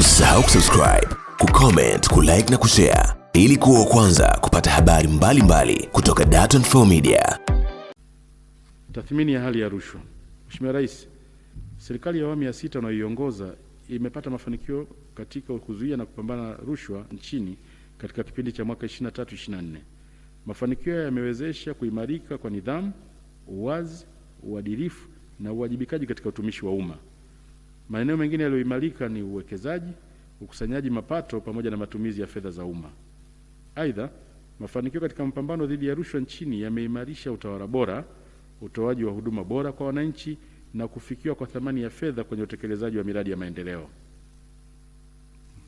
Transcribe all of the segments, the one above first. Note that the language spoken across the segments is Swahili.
Usisahau kusubscribe, kucomment, kulike na kushare ili kuwa kwanza kupata habari mbalimbali mbali kutoka Dar24 Media. Tathmini ya hali ya rushwa. Mheshimiwa Rais, serikali ya awamu ya sita unayoiongoza imepata mafanikio katika kuzuia na kupambana rushwa nchini katika kipindi cha mwaka 23 24. Mafanikio yamewezesha kuimarika kwa nidhamu, uwazi, uadilifu na uwajibikaji katika utumishi wa umma. Maeneo mengine yaliyoimarika ni uwekezaji, ukusanyaji mapato pamoja na matumizi ya fedha za umma. Aidha, mafanikio katika mapambano dhidi ya rushwa nchini yameimarisha utawala bora, utoaji wa huduma bora kwa wananchi na kufikiwa kwa thamani ya fedha kwenye utekelezaji wa miradi ya maendeleo.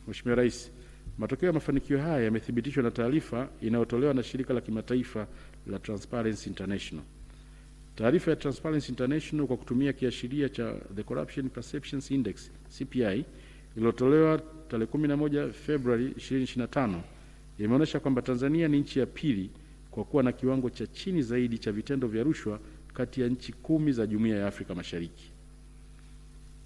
Mheshimiwa Rais, matokeo ya mafanikio haya yamethibitishwa na taarifa inayotolewa na shirika la kimataifa la Transparency International. Taarifa ya Transparency International kwa kutumia kiashiria cha The Corruption Perceptions Index CPI iliyotolewa tarehe 11 Februari 2025 imeonyesha kwamba Tanzania ni nchi ya pili kwa kuwa na kiwango cha chini zaidi cha vitendo vya rushwa kati ya nchi kumi za Jumuiya ya Afrika Mashariki.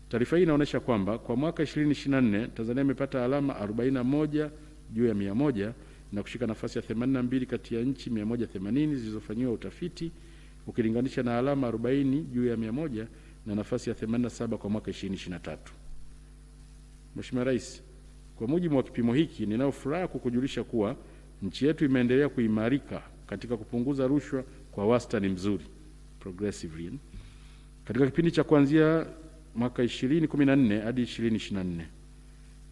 Taarifa hii inaonyesha kwamba kwa mwaka 2024 Tanzania imepata alama 41 juu ya 100 na kushika nafasi ya 82 kati ya nchi 180 zilizofanyiwa utafiti ukilinganisha na alama 40 juu ya 100 na nafasi ya 87 kwa mwaka 2023. Mheshimiwa Rais, kwa mujibu wa kipimo hiki, ninao furaha kukujulisha kuwa nchi yetu imeendelea kuimarika katika kupunguza rushwa kwa wastani mzuri progressively eh, katika kipindi cha kuanzia mwaka 2014 hadi 2024.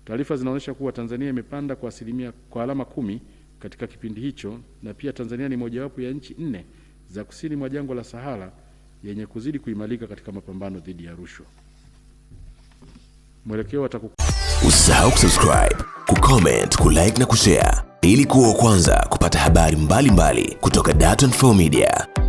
Taarifa zinaonyesha kuwa Tanzania imepanda kwa asilimia kwa alama kumi katika kipindi hicho na pia Tanzania ni mojawapo ya nchi nne za kusini mwa jangwa la Sahara yenye kuzidi kuimarika katika mapambano dhidi ya rushwa. Mwelekeo watakuwa usisahau kusubscribe, kucomment, kulike na kushare ili kuwa wa kwanza kupata habari mbalimbali mbali kutoka Dar24 Media.